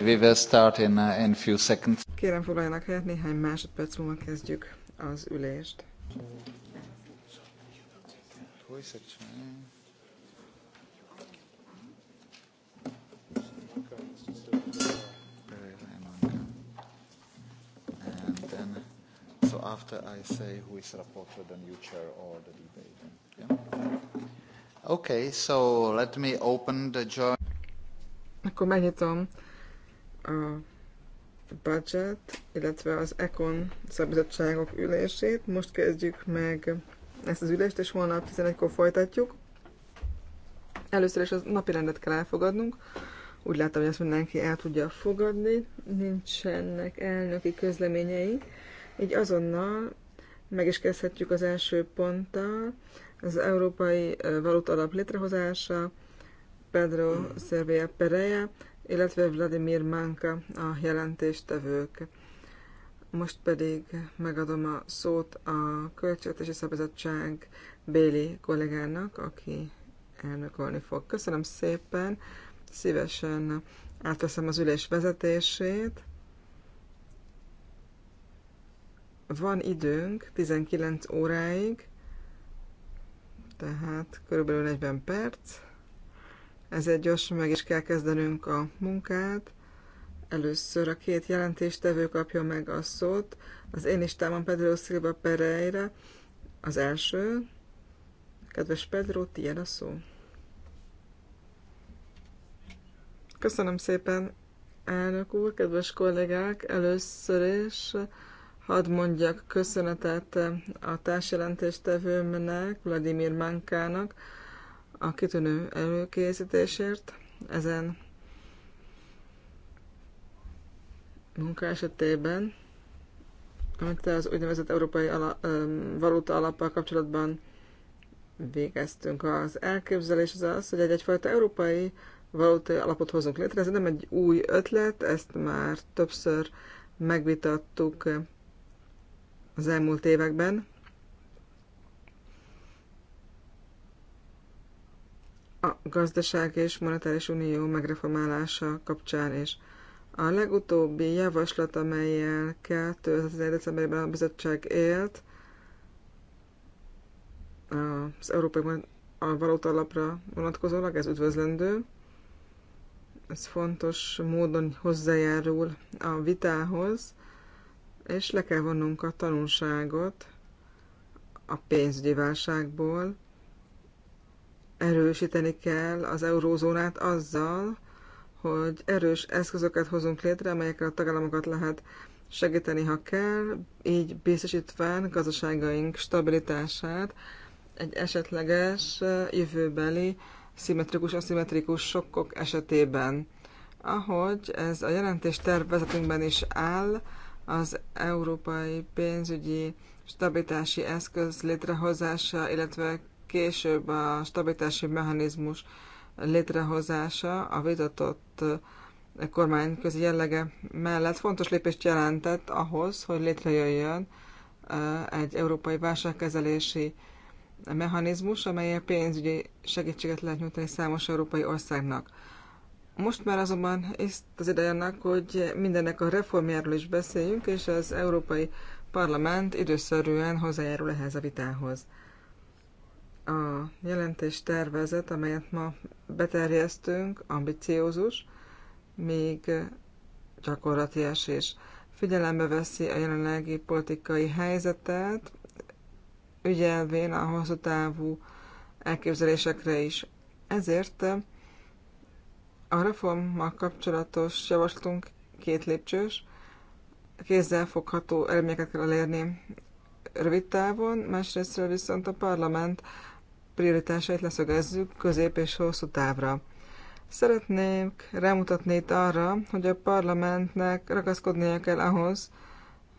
We will start in, in few seconds. Kérem foglaljanak helyet, néhány másodperc múlva kezdjük az ülést. And then, so after I say who is rapporteur, then you chair all the debate. Yeah? Okay, so let me open the joint. Akkor megnyitom a budget, illetve az ECON szabizottságok ülését. Most kezdjük meg ezt az ülést, és holnap 11-kor folytatjuk. Először is a napi rendet kell elfogadnunk. Úgy látom, hogy ezt mindenki el tudja fogadni. Nincsenek elnöki közleményei. Így azonnal meg is kezdhetjük az első ponttal. Az Európai Valuta Alap létrehozása, Pedro Szervéja Pereja, illetve Vladimir Manka a jelentéstevők. Most pedig megadom a szót a Költségvetési Szabadság Béli kollégának, aki elnökolni fog. Köszönöm szépen, szívesen átveszem az ülés vezetését. Van időnk 19 óráig, tehát körülbelül 40 perc ezért gyorsan meg is kell kezdenünk a munkát. Először a két jelentéstevő kapja meg a szót, az én listámon Pedro Silva Pereira, az első. Kedves Pedro, tiéd a szó. Köszönöm szépen, elnök úr, kedves kollégák! Először is hadd mondjak köszönetet a társjelentéstevőmnek, Vladimir Mankának, a kitűnő előkészítésért ezen munka esetében, amit az úgynevezett európai ala, valuta alappal kapcsolatban végeztünk. Az elképzelés az az, hogy egy egyfajta európai valuta alapot hozunk létre. Ez nem egy új ötlet, ezt már többször megvitattuk az elmúlt években. gazdasági és monetáris unió megreformálása kapcsán is. A legutóbbi javaslat, amelyel 2011. decemberben a bizottság élt, az európai a valóta alapra vonatkozólag, ez üdvözlendő. Ez fontos módon hozzájárul a vitához, és le kell vonnunk a tanulságot a pénzügyi válságból, erősíteni kell az eurózónát azzal, hogy erős eszközöket hozunk létre, amelyekkel a tagállamokat lehet segíteni, ha kell, így biztosítván gazdaságaink stabilitását egy esetleges eh, jövőbeli szimmetrikus-aszimmetrikus sokkok esetében. Ahogy ez a jelentés tervezetünkben is áll, az európai pénzügyi stabilitási eszköz létrehozása, illetve később a stabilitási mechanizmus létrehozása a vitatott eh, kormányközi jellege mellett fontos lépést jelentett ahhoz, hogy létrejöjjön eh, egy európai válságkezelési mechanizmus, amely pénzügyi segítséget lehet nyújtani számos európai országnak. Most már azonban ezt az ideje annak, hogy mindennek a reformjáról is beszéljünk, és az Európai Parlament időszerűen hozzájárul ehhez a vitához a jelentés tervezet, amelyet ma beterjesztünk, ambiciózus, még gyakorlatias és figyelembe veszi a jelenlegi politikai helyzetet, ügyelvén a hosszú távú elképzelésekre is. Ezért a reformmal kapcsolatos javaslatunk két lépcsős, fogható eredményeket kell elérni rövid távon, másrésztről viszont a parlament prioritásait leszögezzük közép és hosszú távra. Szeretnék rámutatni itt arra, hogy a parlamentnek ragaszkodnia kell ahhoz,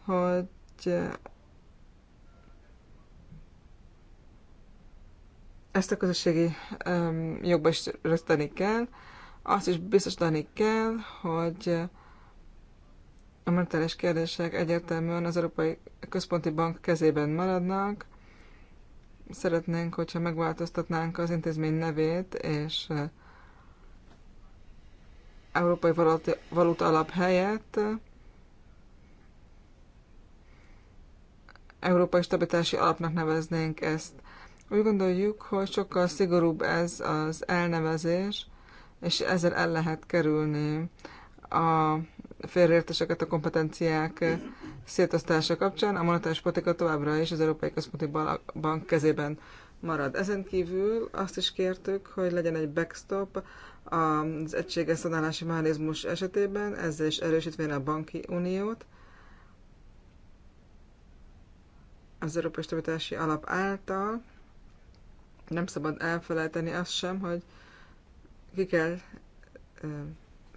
hogy ezt a közösségi um, jogba is rögtani kell, azt is biztosítani kell, hogy a monetáris kérdések egyértelműen az Európai Központi Bank kezében maradnak, szeretnénk, hogyha megváltoztatnánk az intézmény nevét, és Európai Valuta Alap helyett Európai Stabilitási Alapnak neveznénk ezt. Úgy gondoljuk, hogy sokkal szigorúbb ez az elnevezés, és ezzel el lehet kerülni a félreértéseket a kompetenciák szétosztása kapcsán a monetáris politika továbbra is az Európai Központi Bank kezében marad. Ezen kívül azt is kértük, hogy legyen egy backstop az egységes szanálási mechanizmus esetében, ezzel is erősítvén a banki uniót. Az Európai Stabilitási Alap által nem szabad elfelejteni azt sem, hogy ki kell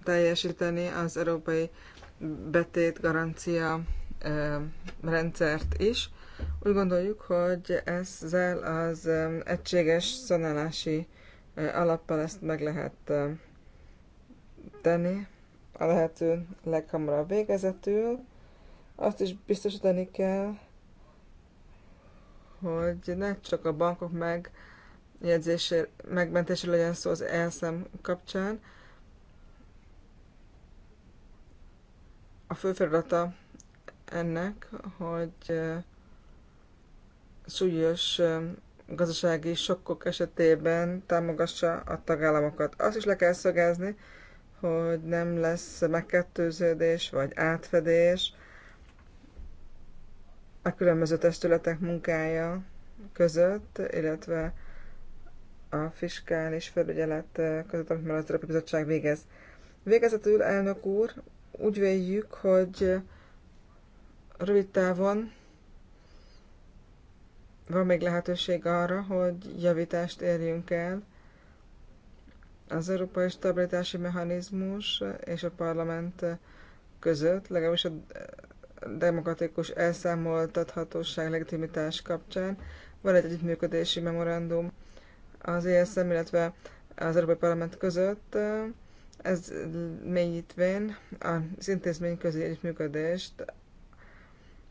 teljesíteni az Európai Betét Garancia rendszert is. Úgy gondoljuk, hogy ezzel az egységes szanálási alappal ezt meg lehet tenni a lehető leghamarabb végezetül. Azt is biztosítani kell, hogy ne csak a bankok meg megmentésre legyen szó az elszem kapcsán. A fő feladata ennek, hogy súlyos gazdasági sokkok esetében támogassa a tagállamokat. Azt is le kell szögezni, hogy nem lesz megkettőződés vagy átfedés a különböző testületek munkája között, illetve a fiskális felügyelet között, amit már az Európai Bizottság végez. Végezetül, elnök úr, úgy véljük, hogy rövid távon van még lehetőség arra, hogy javítást érjünk el. Az Európai Stabilitási Mechanizmus és a parlament között, legalábbis a demokratikus elszámoltathatóság legitimitás kapcsán van egy együttműködési memorandum az ESM, illetve az Európai Parlament között, ez mélyítvén az intézményközi közé együttműködést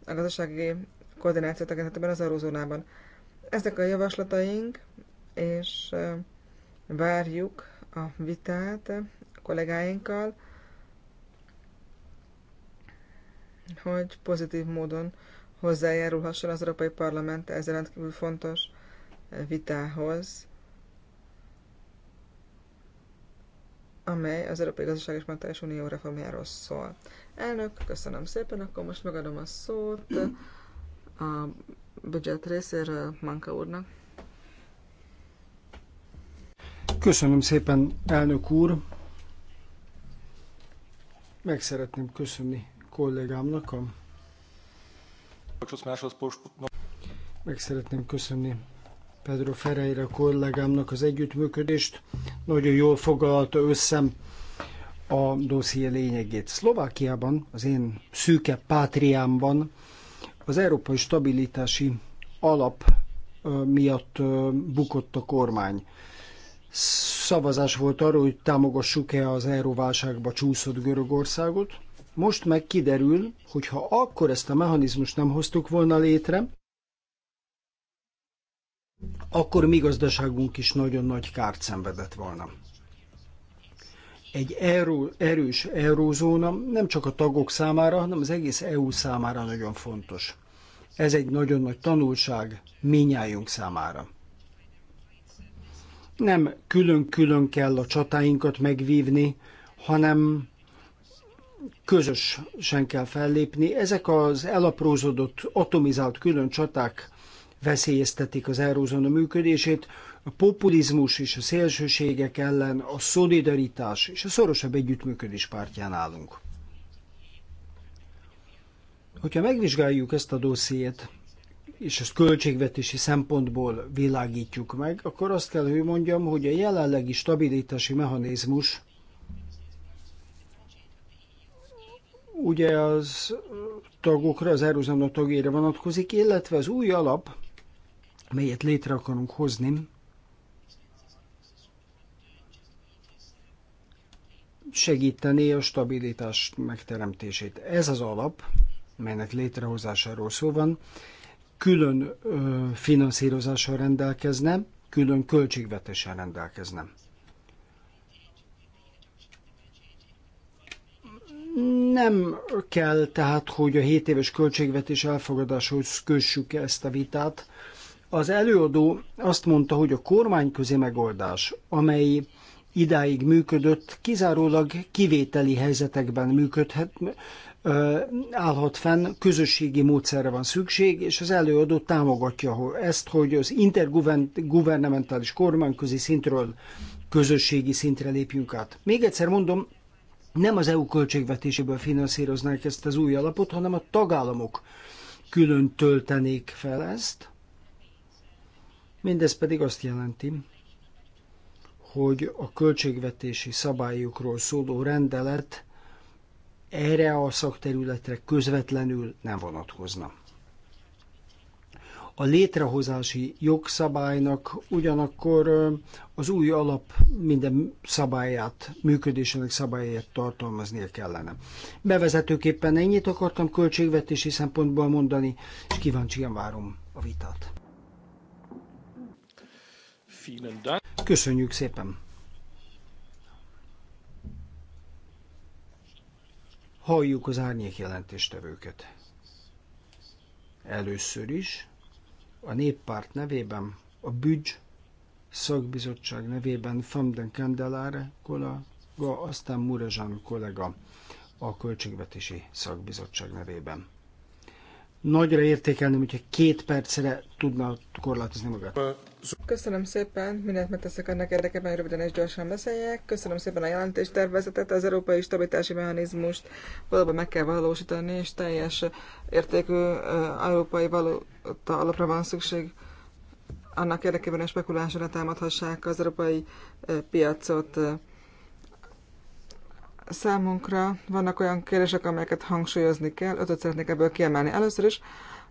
a gazdasági koordináció tekintetében az eurózónában. Ezek a javaslataink, és várjuk a vitát a kollégáinkkal, hogy pozitív módon hozzájárulhasson az Európai Parlament ez rendkívül fontos vitához, amely az Európai Gazdaság és Monetáris Unió reformjáról szól. Elnök, köszönöm szépen, akkor most megadom a szót a budget részéről Manka úrnak. Köszönöm szépen, elnök úr. Meg szeretném köszönni kollégámnak a... Meg szeretném köszönni Pedro Ferreira kollégámnak az együttműködést. Nagyon jól foglalta össze a dosszié lényegét. Szlovákiában, az én szűke pátriámban az Európai Stabilitási Alap miatt bukott a kormány. Szavazás volt arról, hogy támogassuk-e az euróválságba csúszott Görögországot. Most meg kiderül, hogy ha akkor ezt a mechanizmust nem hoztuk volna létre, akkor mi gazdaságunk is nagyon nagy kárt szenvedett volna. Egy erő, erős eurózóna nem csak a tagok számára, hanem az egész EU számára nagyon fontos. Ez egy nagyon nagy tanulság minnyájunk számára. Nem külön-külön kell a csatáinkat megvívni, hanem közösen kell fellépni. Ezek az elaprózódott, atomizált külön csaták veszélyeztetik az eurózóna működését, a populizmus és a szélsőségek ellen a szolidaritás és a szorosabb együttműködés pártján állunk. Hogyha megvizsgáljuk ezt a dossziét, és ezt költségvetési szempontból világítjuk meg, akkor azt kell, hogy mondjam, hogy a jelenlegi stabilitási mechanizmus ugye az tagokra, az erőzemnak tagjára vonatkozik, illetve az új alap, melyet létre akarunk hozni, segíteni a stabilitás megteremtését. Ez az alap, melynek létrehozásáról szó van, külön ö, finanszírozással rendelkezne, külön költségvetéssel rendelkezne. Nem kell tehát, hogy a 7 éves költségvetés elfogadáshoz kössük ezt a vitát. Az előadó azt mondta, hogy a kormányközi megoldás, amely idáig működött, kizárólag kivételi helyzetekben működhet, állhat fenn, közösségi módszerre van szükség, és az előadó támogatja ezt, hogy az intergovernmentális kormányközi szintről közösségi szintre lépjünk át. Még egyszer mondom, nem az EU költségvetéséből finanszíroznák ezt az új alapot, hanem a tagállamok külön töltenék fel ezt. Mindez pedig azt jelenti, hogy a költségvetési szabályokról szóló rendelet erre a szakterületre közvetlenül nem vonatkozna. A létrehozási jogszabálynak ugyanakkor az új alap minden szabályát, működésének szabályát tartalmaznia kellene. Bevezetőképpen ennyit akartam költségvetési szempontból mondani, és kíváncsian várom a vitát. Köszönjük szépen! Halljuk az árnyék jelentéstevőket. Először is a néppárt nevében, a bügy szakbizottság nevében Femden Kendelár kollega, aztán Murezsán kollega a költségvetési szakbizottság nevében nagyra értékelném, hogyha két percre tudna korlátozni magát. Köszönöm szépen, mindent megteszek annak érdekében, hogy röviden és gyorsan beszéljek. Köszönöm szépen a jelentés tervezetet, az európai stabilitási mechanizmust valóban meg kell valósítani, és teljes értékű európai valóta alapra van szükség annak érdekében, hogy spekulásra támadhassák az európai piacot. Számunkra vannak olyan kérdések, amelyeket hangsúlyozni kell, ötöt szeretnék ebből kiemelni. Először is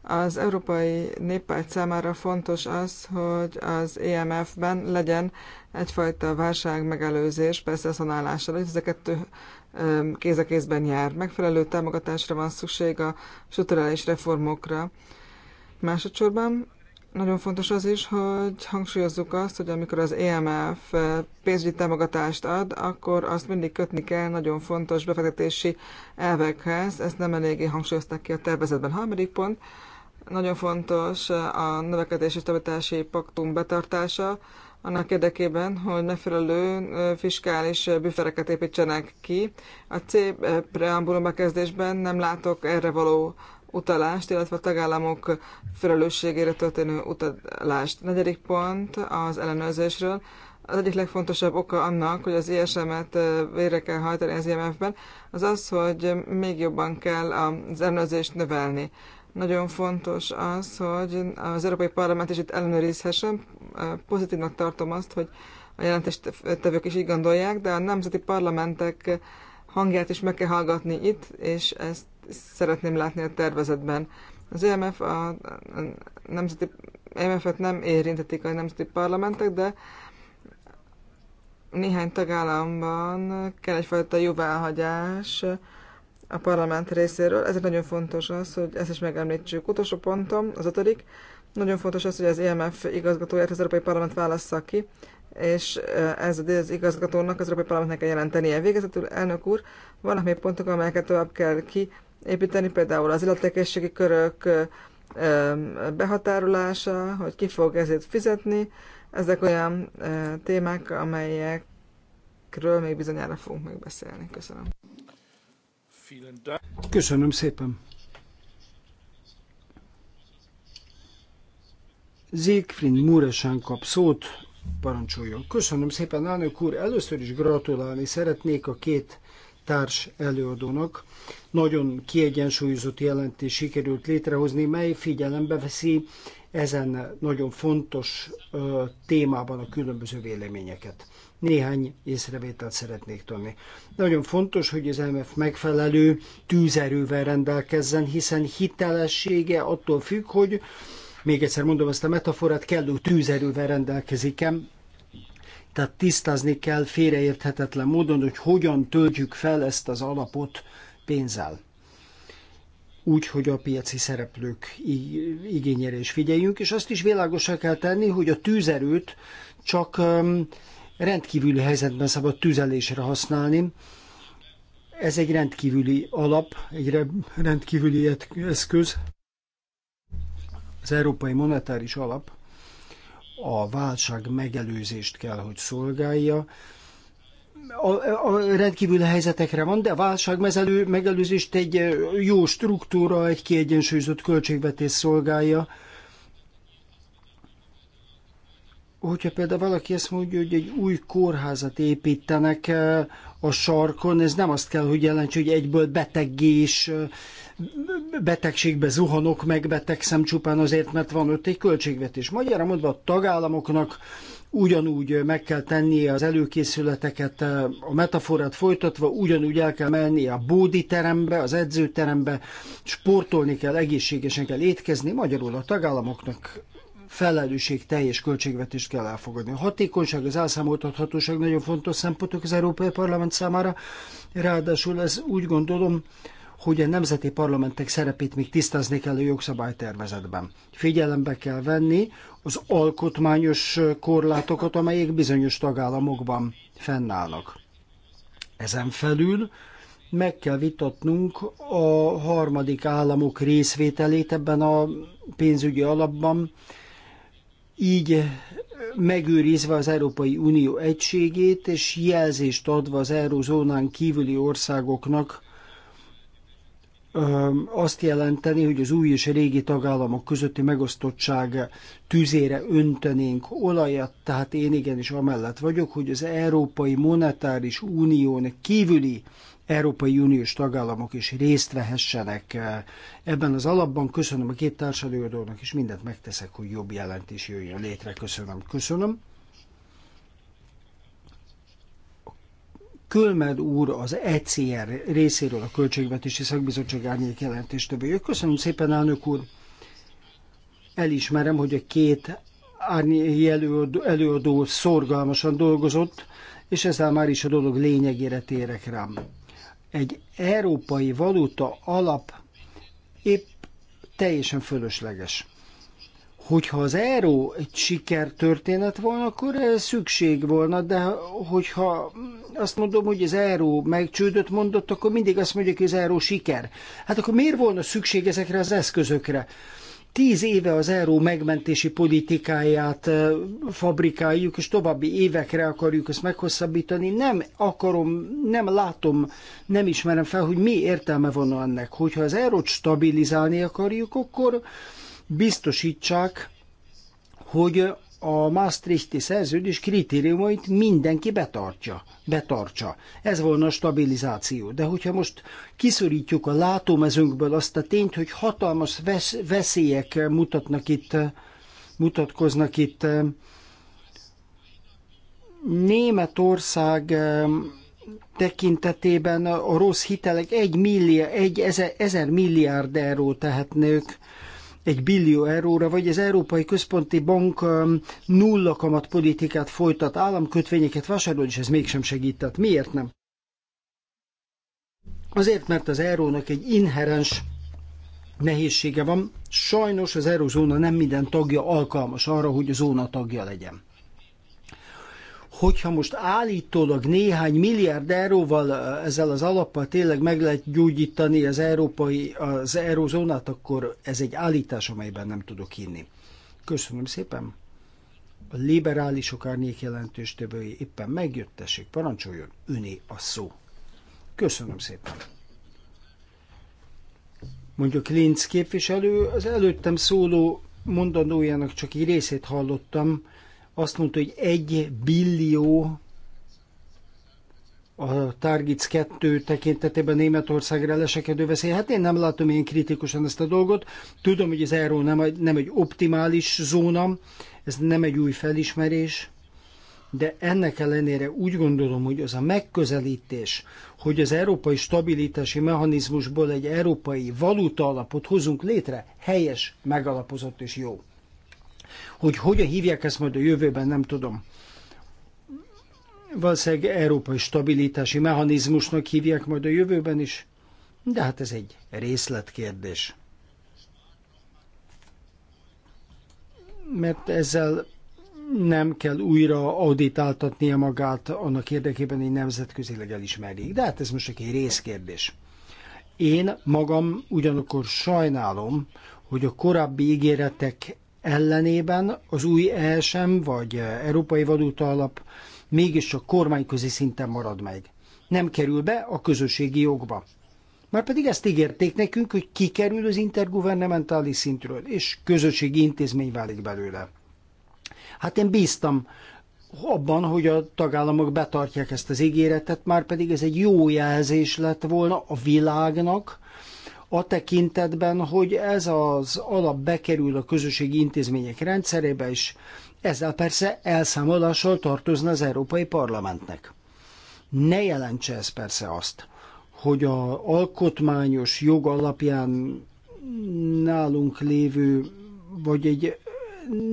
az Európai Néppárt számára fontos az, hogy az EMF-ben legyen egyfajta válság megelőzés, persze a szanálással, hogy ezeket kéz a kézben jár. Megfelelő támogatásra van szükség a strukturális reformokra. Másodszorban nagyon fontos az is, hogy hangsúlyozzuk azt, hogy amikor az EMF pénzügyi támogatást ad, akkor azt mindig kötni kell nagyon fontos befektetési elvekhez. Ezt nem eléggé hangsúlyozták ki a tervezetben. Harmadik pont, nagyon fontos a növekedési stabilitási paktum betartása, annak érdekében, hogy megfelelő fiskális büfereket építsenek ki. A C preambulum bekezdésben nem látok erre való utalást, illetve a tagállamok felelősségére történő utalást. Negyedik pont az ellenőrzésről. Az egyik legfontosabb oka annak, hogy az ISM-et vére kell hajtani az IMF-ben, az az, hogy még jobban kell az ellenőrzést növelni. Nagyon fontos az, hogy az Európai Parlament is itt ellenőrizhessen. Pozitívnak tartom azt, hogy a jelentéstevők is így gondolják, de a nemzeti parlamentek hangját is meg kell hallgatni itt, és ezt szeretném látni a tervezetben. Az EMF a nemzeti EMF-et nem érintetik a nemzeti parlamentek, de néhány tagállamban kell egyfajta jóváhagyás a parlament részéről. Ezért nagyon fontos az, hogy ezt is megemlítsük. Utolsó pontom, az ötödik, nagyon fontos az, hogy az EMF igazgatóját az Európai Parlament válassza ki, és eh, ez az igazgatónak, az Európai Parlamentnek kell jelentenie. Végezetül, elnök úr, vannak még pontok, amelyeket tovább kell ki építeni, például az illetékességi körök behatárolása, hogy ki fog ezért fizetni. Ezek olyan témák, amelyekről még bizonyára fogunk megbeszélni. beszélni. Köszönöm. Köszönöm szépen. Siegfried Muresán kap szót, parancsoljon. Köszönöm szépen, elnök úr. Először is gratulálni szeretnék a két társ előadónak. Nagyon kiegyensúlyozott jelentés sikerült létrehozni, mely figyelembe veszi ezen nagyon fontos ö, témában a különböző véleményeket. Néhány észrevételt szeretnék tenni. Nagyon fontos, hogy az MF megfelelő tűzerővel rendelkezzen, hiszen hitelessége attól függ, hogy még egyszer mondom ezt a metaforát, kellő tűzerővel rendelkezik-e, tehát tisztázni kell félreérthetetlen módon, hogy hogyan töltjük fel ezt az alapot pénzzel. Úgy, hogy a piaci szereplők igényére is figyeljünk, és azt is világosá kell tenni, hogy a tűzerőt csak rendkívüli helyzetben szabad tüzelésre használni. Ez egy rendkívüli alap, egy rendkívüli eszköz. Az Európai Monetáris Alap a válság megelőzést kell, hogy szolgálja. A, a rendkívüli helyzetekre van, de a válság megelőzést egy jó struktúra, egy kiegyensúlyozott költségvetés szolgálja hogyha például valaki ezt mondja, hogy egy új kórházat építenek eh, a sarkon, ez nem azt kell, hogy jelentse, hogy egyből beteggé eh, betegségbe zuhanok, meg betegszem csupán azért, mert van ott egy költségvetés. Magyarra mondva a tagállamoknak ugyanúgy meg kell tennie az előkészületeket, eh, a metaforát folytatva, ugyanúgy el kell menni a terembe, az edzőterembe, sportolni kell, egészségesen kell étkezni, magyarul a tagállamoknak felelősség teljes költségvetést kell elfogadni. A hatékonyság, az elszámoltathatóság nagyon fontos szempontok az Európai Parlament számára, ráadásul ez úgy gondolom, hogy a nemzeti parlamentek szerepét még tisztázni kell a jogszabálytervezetben. Figyelembe kell venni az alkotmányos korlátokat, amelyek bizonyos tagállamokban fennállnak. Ezen felül meg kell vitatnunk a harmadik államok részvételét ebben a pénzügyi alapban, így megőrizve az Európai Unió egységét, és jelzést adva az eurozónán kívüli országoknak, azt jelenteni, hogy az új és régi tagállamok közötti megosztottság tüzére öntenénk olajat, tehát én igenis amellett vagyok, hogy az Európai Monetáris Unión kívüli Európai Uniós tagállamok is részt vehessenek eh, ebben az alapban. Köszönöm a két társadalmi és mindent megteszek, hogy jobb jelentés jöjjön létre. Köszönöm. Köszönöm. Kölmed úr az ECR részéről a Költségvetési Szakbizottság árnyék többé. Köszönöm szépen, elnök úr! Elismerem, hogy a két árnyék előadó, előadó szorgalmasan dolgozott, és ezzel már is a dolog lényegére térek rám egy európai valuta alap épp teljesen fölösleges. Hogyha az euró egy sikertörténet volna, akkor ez szükség volna, de hogyha azt mondom, hogy az euró megcsődött mondott, akkor mindig azt mondjuk, hogy az euró siker. Hát akkor miért volna szükség ezekre az eszközökre? Tíz éve az euró megmentési politikáját fabrikáljuk, és további évekre akarjuk ezt meghosszabbítani. Nem akarom, nem látom, nem ismerem fel, hogy mi értelme van ennek. Hogyha az eurót stabilizálni akarjuk, akkor biztosítsák, hogy a Maastrichti szerződés kritériumait mindenki betartja. betartsa. Ez volna a stabilizáció. De hogyha most kiszorítjuk a látómezőnkből azt a tényt, hogy hatalmas vesz, veszélyek mutatnak itt, mutatkoznak itt. Eh, Németország eh, tekintetében a rossz hitelek egy milliárd, egy ezer, ezer milliárd euró tehetnők, egy billió euróra, vagy az Európai Központi Bank um, nulla kamat politikát folytat, államkötvényeket vásárol, és ez mégsem segített. Miért nem? Azért, mert az eurónak egy inherens nehézsége van. Sajnos az eurózóna nem minden tagja alkalmas arra, hogy a zóna tagja legyen hogyha most állítólag néhány milliárd euróval ezzel az alappal tényleg meg lehet gyógyítani az európai, az eurozónát, akkor ez egy állítás, amelyben nem tudok hinni. Köszönöm szépen. A liberálisok árnyék jelentős többői éppen megjöttessék, parancsoljon, öné a szó. Köszönöm szépen. Mondjuk Linz képviselő, az előttem szóló mondandójának csak egy részét hallottam, azt mondta, hogy egy billió a Targets 2 tekintetében Németországra lesekedő veszély. Hát én nem látom ilyen kritikusan ezt a dolgot. Tudom, hogy az euró nem, nem egy optimális zóna, ez nem egy új felismerés, de ennek ellenére úgy gondolom, hogy az a megközelítés, hogy az európai stabilitási mechanizmusból egy európai valuta alapot hozunk létre, helyes, megalapozott és jó. Hogy hogyan hívják ezt majd a jövőben, nem tudom. Valószínűleg európai stabilitási mechanizmusnak hívják majd a jövőben is, de hát ez egy részletkérdés. Mert ezzel nem kell újra auditáltatnia magát annak érdekében, hogy nemzetközileg elismerjék. De hát ez most csak egy részkérdés. Én magam ugyanakkor sajnálom, hogy a korábbi ígéretek ellenében az új ESM vagy Európai Valuta Alap mégiscsak kormányközi szinten marad meg. Nem kerül be a közösségi jogba. Már pedig ezt ígérték nekünk, hogy kikerül az intergovernmentális szintről, és közösségi intézmény válik belőle. Hát én bíztam abban, hogy a tagállamok betartják ezt az ígéretet, már pedig ez egy jó jelzés lett volna a világnak, a tekintetben, hogy ez az alap bekerül a közösségi intézmények rendszerébe, és ezzel persze elszámolással tartozna az Európai Parlamentnek. Ne jelentse ez persze azt, hogy a alkotmányos jog alapján nálunk lévő, vagy egy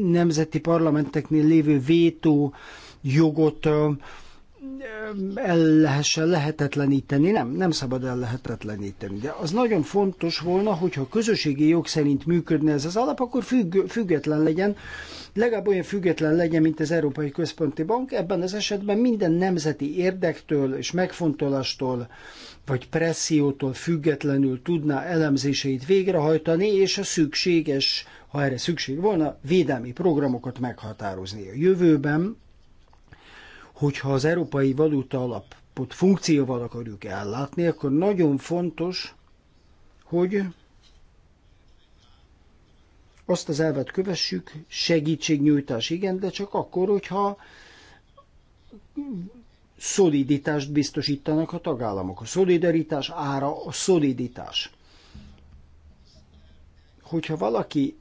nemzeti parlamenteknél lévő vétó jogot el lehessen lehetetleníteni, nem, nem szabad el lehetetleníteni, de az nagyon fontos volna, hogyha a közösségi jog szerint működne ez az alap, akkor függ, független legyen, legalább olyan független legyen, mint az Európai Központi Bank, ebben az esetben minden nemzeti érdektől és megfontolástól vagy pressziótól függetlenül tudná elemzéseit végrehajtani, és a szükséges, ha erre szükség volna, védelmi programokat meghatározni. A jövőben hogyha az európai valuta alapot funkcióval akarjuk ellátni, akkor nagyon fontos, hogy azt az elvet kövessük, segítségnyújtás igen, de csak akkor, hogyha szoliditást biztosítanak a tagállamok. A szolidaritás ára a szoliditás. Hogyha valaki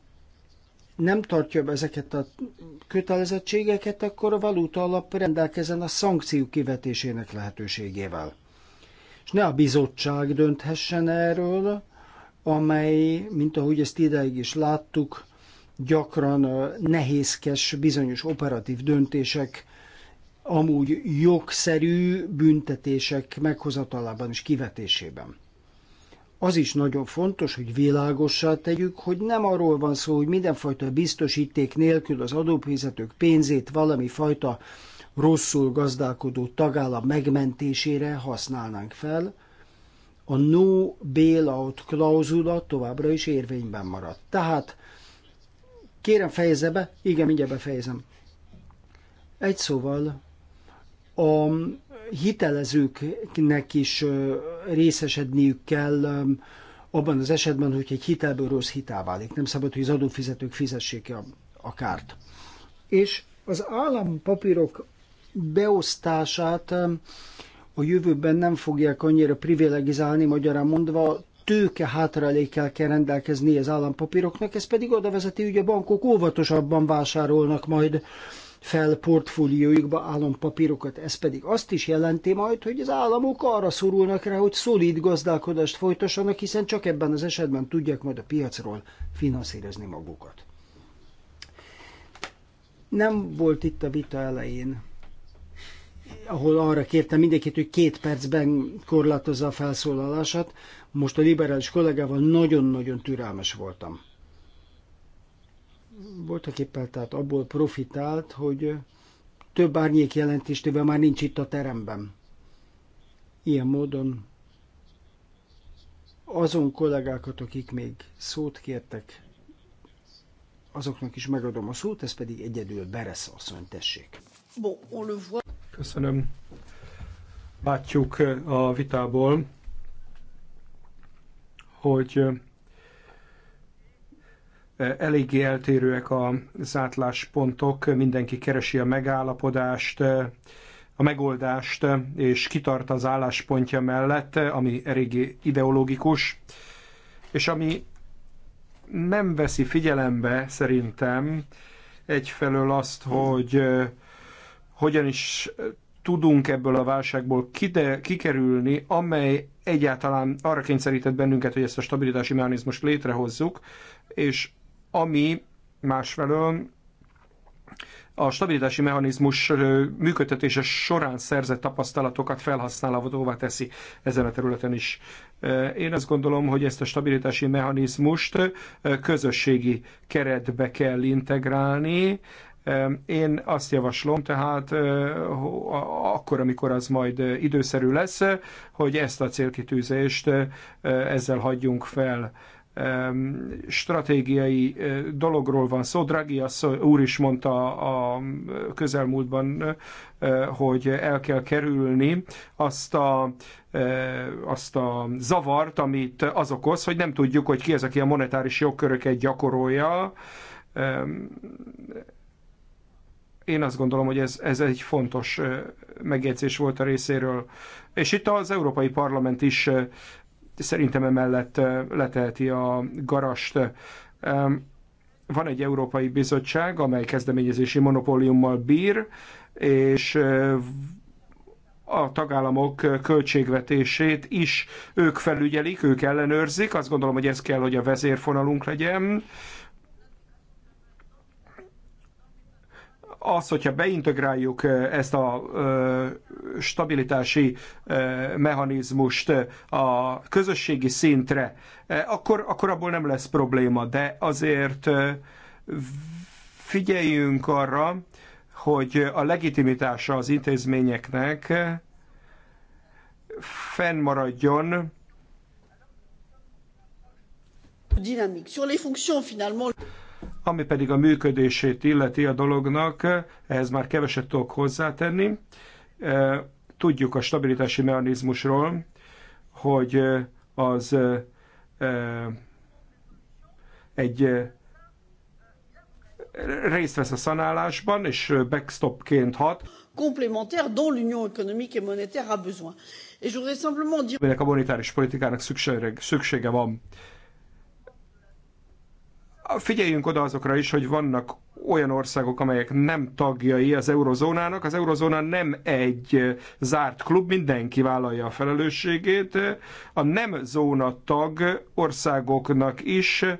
nem tartja be ezeket a kötelezettségeket, akkor a valuta alap rendelkezzen a szankció kivetésének lehetőségével. És ne a bizottság dönthessen erről, amely, mint ahogy ezt ideig is láttuk, gyakran nehézkes bizonyos operatív döntések, amúgy jogszerű büntetések meghozatalában és kivetésében az is nagyon fontos, hogy világossá tegyük, hogy nem arról van szó, hogy mindenfajta biztosíték nélkül az adófizetők pénzét valami fajta rosszul gazdálkodó tagállam megmentésére használnánk fel. A no bailout klauzula továbbra is érvényben maradt. Tehát, kérem fejezze be, igen, mindjárt befejezem. Egy szóval, a hitelezőknek is részesedniük kell abban az esetben, hogy egy hitelből rossz hitel válik. Nem szabad, hogy az adófizetők fizessék a, a kárt. És az állampapírok beosztását a jövőben nem fogják annyira privilegizálni, magyarán mondva tőke hátralékkel kell rendelkezni az állampapíroknak, ez pedig oda vezeti, hogy a bankok óvatosabban vásárolnak majd fel portfóliójukba állampapírokat. Ez pedig azt is jelenti majd, hogy az államok arra szorulnak rá, hogy szolid gazdálkodást folytassanak, hiszen csak ebben az esetben tudják majd a piacról finanszírozni magukat. Nem volt itt a vita elején, ahol arra kértem mindenkit, hogy két percben korlátozza a felszólalását. Most a liberális kollégával nagyon-nagyon türelmes voltam voltak éppen tehát abból profitált, hogy több árnyék jelentéstében már nincs itt a teremben. Ilyen módon azon kollégákat, akik még szót kértek, azoknak is megadom a szót, ez pedig egyedül Beresz asszony, tessék. Köszönöm. Látjuk a vitából, hogy eléggé eltérőek az átláspontok, mindenki keresi a megállapodást, a megoldást, és kitart az álláspontja mellett, ami eléggé ideológikus, és ami nem veszi figyelembe szerintem egyfelől azt, hogy hogyan is tudunk ebből a válságból kide, kikerülni, amely egyáltalán arra kényszerített bennünket, hogy ezt a stabilitási mechanizmust létrehozzuk, és ami másfelől a stabilitási mechanizmus működtetése során szerzett tapasztalatokat felhasználhatóvá teszi ezen a területen is. Én azt gondolom, hogy ezt a stabilitási mechanizmust közösségi keretbe kell integrálni, én azt javaslom, tehát akkor, amikor az majd időszerű lesz, hogy ezt a célkitűzést ezzel hagyjunk fel stratégiai eh, dologról van szó. Draghi az úr is mondta a közelmúltban, eh, hogy el kell kerülni azt a, eh, azt a zavart, amit az okoz, hogy nem tudjuk, hogy ki az, aki a monetáris jogköröket gyakorolja. Én azt gondolom, hogy ez, ez egy fontos megjegyzés volt a részéről. És itt az Európai Parlament is szerintem emellett leteheti a garast. Van egy Európai Bizottság, amely kezdeményezési monopóliummal bír, és a tagállamok költségvetését is ők felügyelik, ők ellenőrzik. Azt gondolom, hogy ez kell, hogy a vezérfonalunk legyen. az, hogyha beintegráljuk ezt a stabilitási mechanizmust a közösségi szintre, akkor, akkor abból nem lesz probléma, de azért figyeljünk arra, hogy a legitimitása az intézményeknek fennmaradjon. Dynamique. Sur les fonctions, finalement. Ami pedig a működését illeti a dolognak, ehhez már keveset tudok hozzátenni. E, tudjuk a stabilitási mechanizmusról, hogy az e, e, egy részt vesz a szanálásban, és backstopként hat. Complémentaire dont l'Union économique et monétaire a besoin. Et je voudrais simplement dire... Aminek a monetáris politikának szüksége, szüksége van. Figyeljünk oda azokra is, hogy vannak olyan országok, amelyek nem tagjai az eurozónának. Az eurozóna nem egy eh, zárt klub, mindenki vállalja a felelősségét. A nem zóna tag országoknak is eh,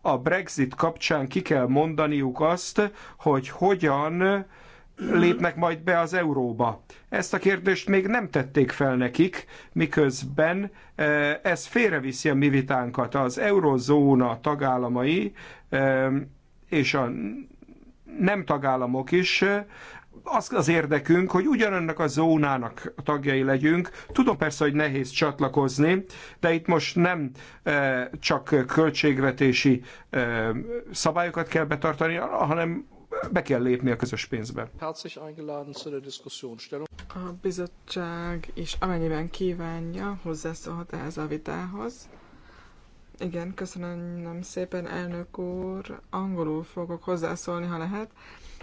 a Brexit kapcsán ki kell mondaniuk azt, hogy hogyan lépnek majd be az euróba? Ezt a kérdést még nem tették fel nekik, miközben e, ez félreviszi a mi vitánkat. Az eurozóna tagállamai e, és a nem tagállamok is e, az az érdekünk, hogy ugyanannak a zónának tagjai legyünk. Tudom persze, hogy nehéz csatlakozni, de itt most nem csak költségvetési szabályokat kell betartani, hanem be kell lépni a közös pénzbe. A bizottság is amennyiben kívánja, hozzászólhat ehhez a vitához. Igen, köszönöm szépen, elnök úr. Angolul fogok hozzászólni, ha lehet.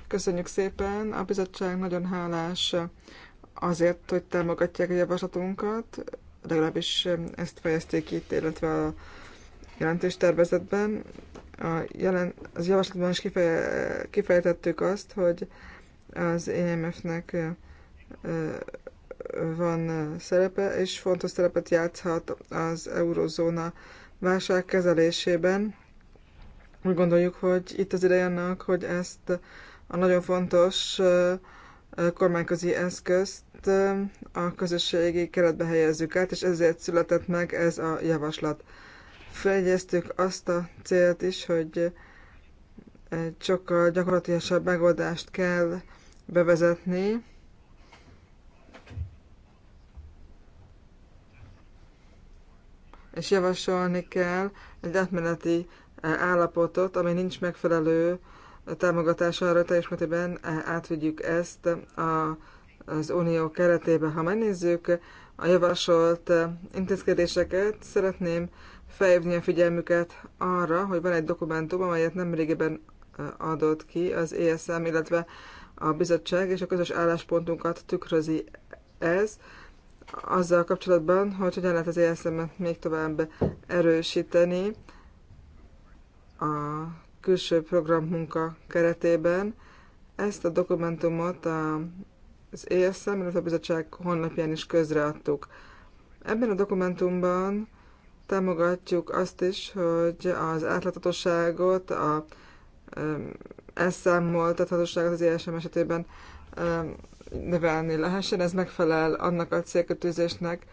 Köszönjük szépen. A bizottság nagyon hálás azért, hogy támogatják a javaslatunkat, legalábbis ezt fejezték itt, illetve a jelentéstervezetben. A jelen, az javaslatban is kifeje, kifejtettük azt, hogy az EMF-nek van szerepe, és fontos szerepet játszhat az eurozóna válság kezelésében. Úgy gondoljuk, hogy itt az ideje annak, hogy ezt a nagyon fontos kormányközi eszközt a közösségi keretbe helyezzük át, és ezért született meg ez a javaslat feljegyeztük azt a célt is, hogy egy sokkal gyakorlatilasabb megoldást kell bevezetni. És javasolni kell egy átmeneti állapotot, ami nincs megfelelő támogatás arra, teljes mértékben átvigyük ezt a, az unió keretébe. Ha megnézzük a javasolt intézkedéseket, szeretném felhívni a figyelmüket arra, hogy van egy dokumentum, amelyet nemrégiben adott ki az ESM, illetve a bizottság, és a közös álláspontunkat tükrözi ez azzal kapcsolatban, hogy hogyan lehet az ESM-et még tovább erősíteni a külső programmunka keretében. Ezt a dokumentumot az ESM, illetve a bizottság honlapján is közreadtuk. Ebben a dokumentumban Támogatjuk azt is, hogy az átláthatóságot, a elszámoltathatóságot az ISM esetében növelni lehessen. Ez megfelel annak a célkötőzésnek,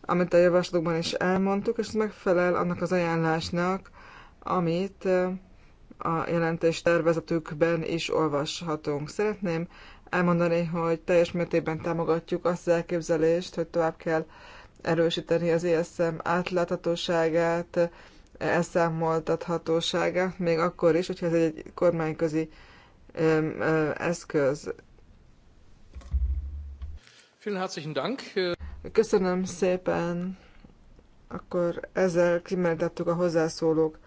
amit a javaslatokban is elmondtuk, és ez megfelel annak az ajánlásnak, amit a jelentés tervezetükben is olvashatunk. Szeretném elmondani, hogy teljes mértékben támogatjuk azt az elképzelést, hogy tovább kell erősíteni az ESM átláthatóságát, elszámoltathatóságát, még akkor is, hogyha ez egy kormányközi eszköz. Vielen herzlichen Dank. Köszönöm szépen. Akkor ezzel kimerítettük a hozzászólók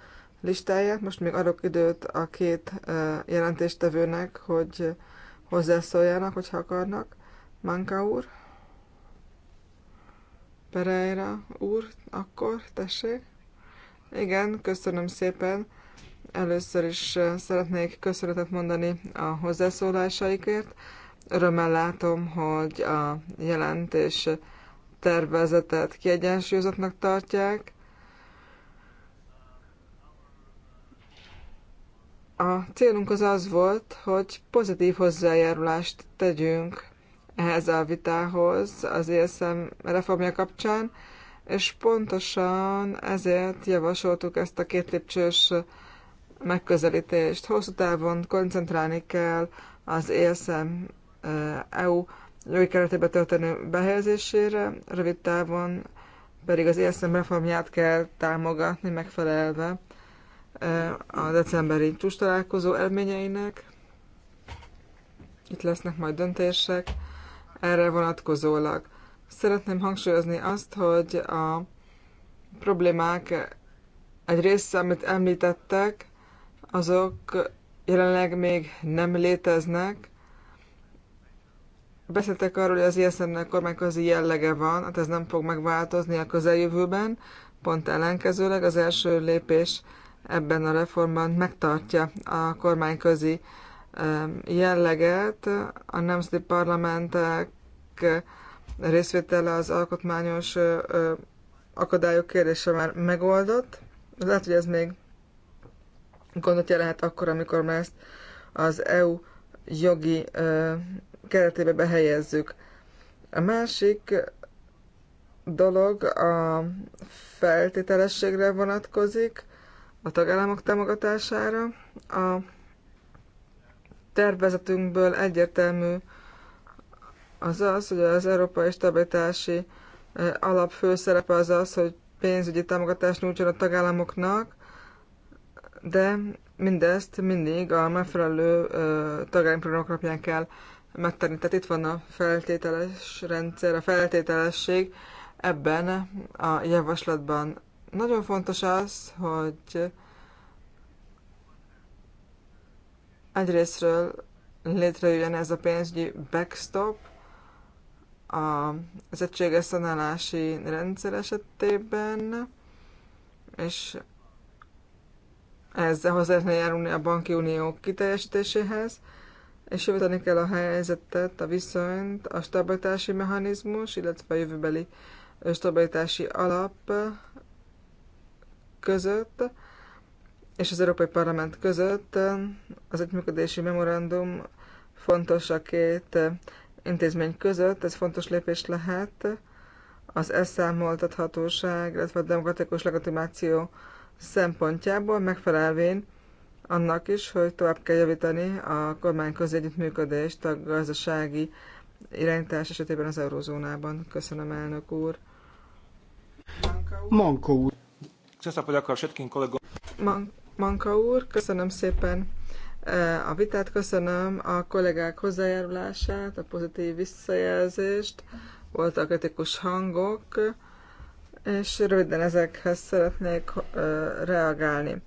listáját. Most még adok időt a két e, jelentéstevőnek, hogy hozzászóljanak, hogyha akarnak. Manka úr. Pereira úr, akkor tessék. Igen, köszönöm szépen. Először is szeretnék köszönetet mondani a hozzászólásaikért. Örömmel látom, hogy a jelentés tervezetet kiegyensúlyozottnak tartják. A célunk az az volt, hogy pozitív hozzájárulást tegyünk ehhez a vitához az ESM reformja kapcsán, és pontosan ezért javasoltuk ezt a két lépcsős megközelítést. Hosszú távon koncentrálni kell az ESM eh, EU jogi keretébe történő behelyezésére, rövid távon pedig az ESM reformját kell támogatni megfelelve eh, a decemberi csúcs találkozó elményeinek. Itt lesznek majd döntések erre vonatkozólag. Szeretném hangsúlyozni azt, hogy a problémák egy része, amit említettek, azok jelenleg még nem léteznek. Beszéltek arról, hogy az ISM-nek kormányközi jellege van, hát ez nem fog megváltozni a közeljövőben, pont ellenkezőleg az első lépés ebben a reformban megtartja a kormányközi jelleget a nemzeti parlamentek részvétele az alkotmányos akadályok kérdése már megoldott. Lehet, hogy ez még gondot jelent akkor, amikor már ezt az EU jogi keretébe behelyezzük. A másik dolog a feltételességre vonatkozik, a tagállamok támogatására. A tervezetünkből egyértelmű az az, hogy az Európai Stabilitási eh, Alap főszerepe az az, hogy pénzügyi támogatást nyújtson a tagállamoknak, de mindezt mindig a megfelelő eh, tagállami programok alapján kell megtenni. Tehát itt van a feltételes rendszer, a feltételesség ebben a javaslatban. Nagyon fontos az, hogy Egyrésztről létrejöjjön ez a pénzügyi backstop az egységes szanálási rendszer esetében, és ezzel hozzá lehetne járulni a banki unió kiteljesítéséhez, és javítani kell a helyzetet, a viszonyt, a stabilitási mechanizmus, illetve a jövőbeli stabilitási alap között, és az Európai Parlament között eh, az együttműködési memorandum fontos a két eh, intézmény között, ez fontos lépés lehet az elszámoltathatóság, illetve a demokratikus legitimáció szempontjából megfelelvén annak is, hogy tovább kell javítani a kormányközi együttműködést a gazdasági irányítás esetében az eurózónában. Köszönöm, elnök úr. Manka úr. Manka úr. Manka úr, köszönöm szépen e, a vitát, köszönöm a kollégák hozzájárulását, a pozitív visszajelzést, voltak kritikus hangok, és röviden ezekhez szeretnék e, reagálni.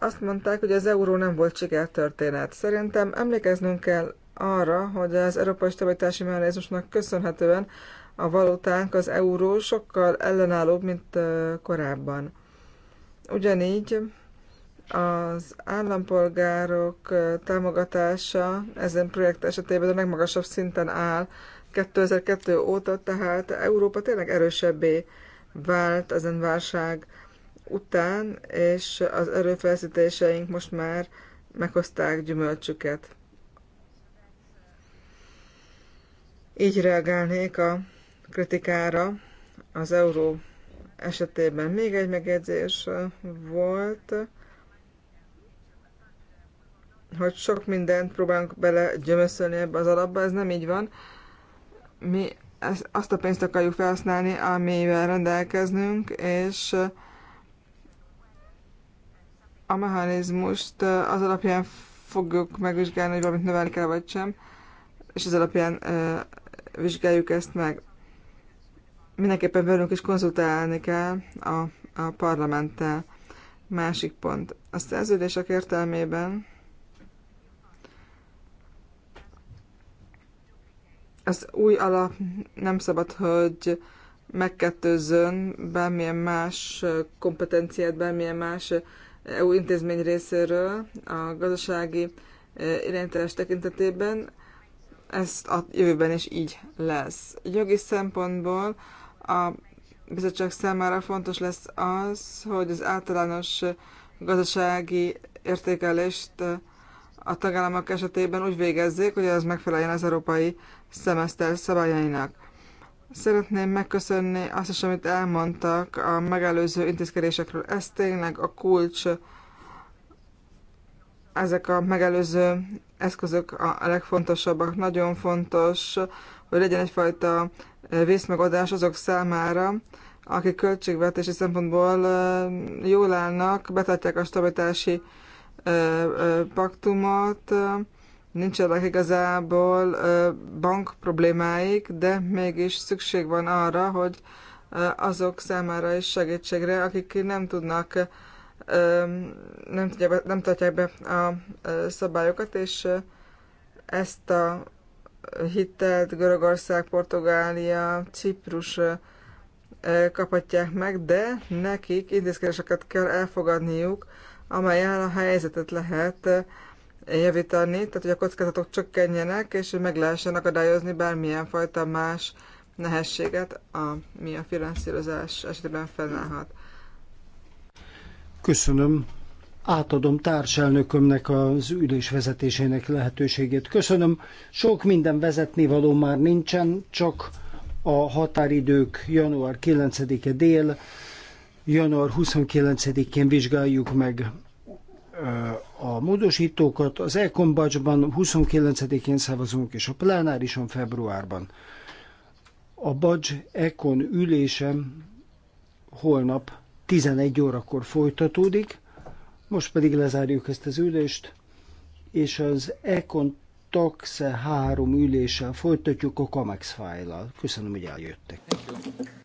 Azt mondták, hogy az euró nem volt sikertörténet. Szerintem emlékeznünk kell arra, hogy az Európai Stabilitási Mechanizmusnak köszönhetően a valutánk, az euró sokkal ellenállóbb, mint e, korábban. Ugyanígy az állampolgárok támogatása ezen projekt esetében a legmagasabb szinten áll 2002 óta, tehát Európa tényleg erősebbé vált ezen válság után, és az erőfeszítéseink most már meghozták gyümölcsüket. Így reagálnék a kritikára az euró esetében. Még egy megjegyzés volt hogy sok mindent próbálunk bele gyömöszölni ebbe az alapba, ez nem így van. Mi ezt, azt a pénzt akarjuk felhasználni, amivel rendelkeznünk, és a mechanizmust az alapján fogjuk megvizsgálni, hogy valamit növelni kell, vagy sem, és az alapján uh, vizsgáljuk ezt meg. Mindenképpen velünk is konzultálni kell a, a parlamenttel. Másik pont. A szerződések értelmében Ez új alap nem szabad, hogy megkettőzön bármilyen más kompetenciát, bármilyen más EU intézmény részéről a gazdasági eh, irányítás tekintetében. ezt a jövőben is így lesz. Jogi szempontból a bizottság számára fontos lesz az, hogy az általános gazdasági értékelést eh, a tagállamok esetében úgy végezzék, hogy az megfeleljen az európai szemeszter szabályainak. Szeretném megköszönni azt is, amit elmondtak a megelőző intézkedésekről. Ez tényleg a kulcs, ezek a megelőző eszközök a legfontosabbak. Nagyon fontos, hogy legyen egyfajta eh, vészmegoldás azok számára, akik költségvetési szempontból eh, jól állnak, betartják a stabilitási eh, paktumot, nincsenek igazából bank problémáik, de mégis szükség van arra, hogy azok számára is segítségre, akik nem tudnak, nem, tudják, nem tartják be a szabályokat, és ezt a hitelt Görögország, Portugália, Ciprus kaphatják meg, de nekik intézkedéseket kell elfogadniuk, amelyen a helyzetet lehet javítani, tehát hogy a kockázatok csökkenjenek, és hogy meg lehessen akadályozni bármilyen fajta más nehézséget, ami a finanszírozás esetében fennállhat. Köszönöm. Átadom társelnökömnek az ülés vezetésének lehetőségét. Köszönöm. Sok minden vezetni való már nincsen, csak a határidők január 9-e dél, január 29-én vizsgáljuk meg a módosítókat, az Ekombacsban 29-én szavazunk, és a plenárison februárban. A Bacs Ekon ülésem holnap 11 órakor folytatódik, most pedig lezárjuk ezt az ülést, és az Ekon Taxe 3 üléssel folytatjuk a Comex fájlal. Köszönöm, hogy eljöttek. Thank you.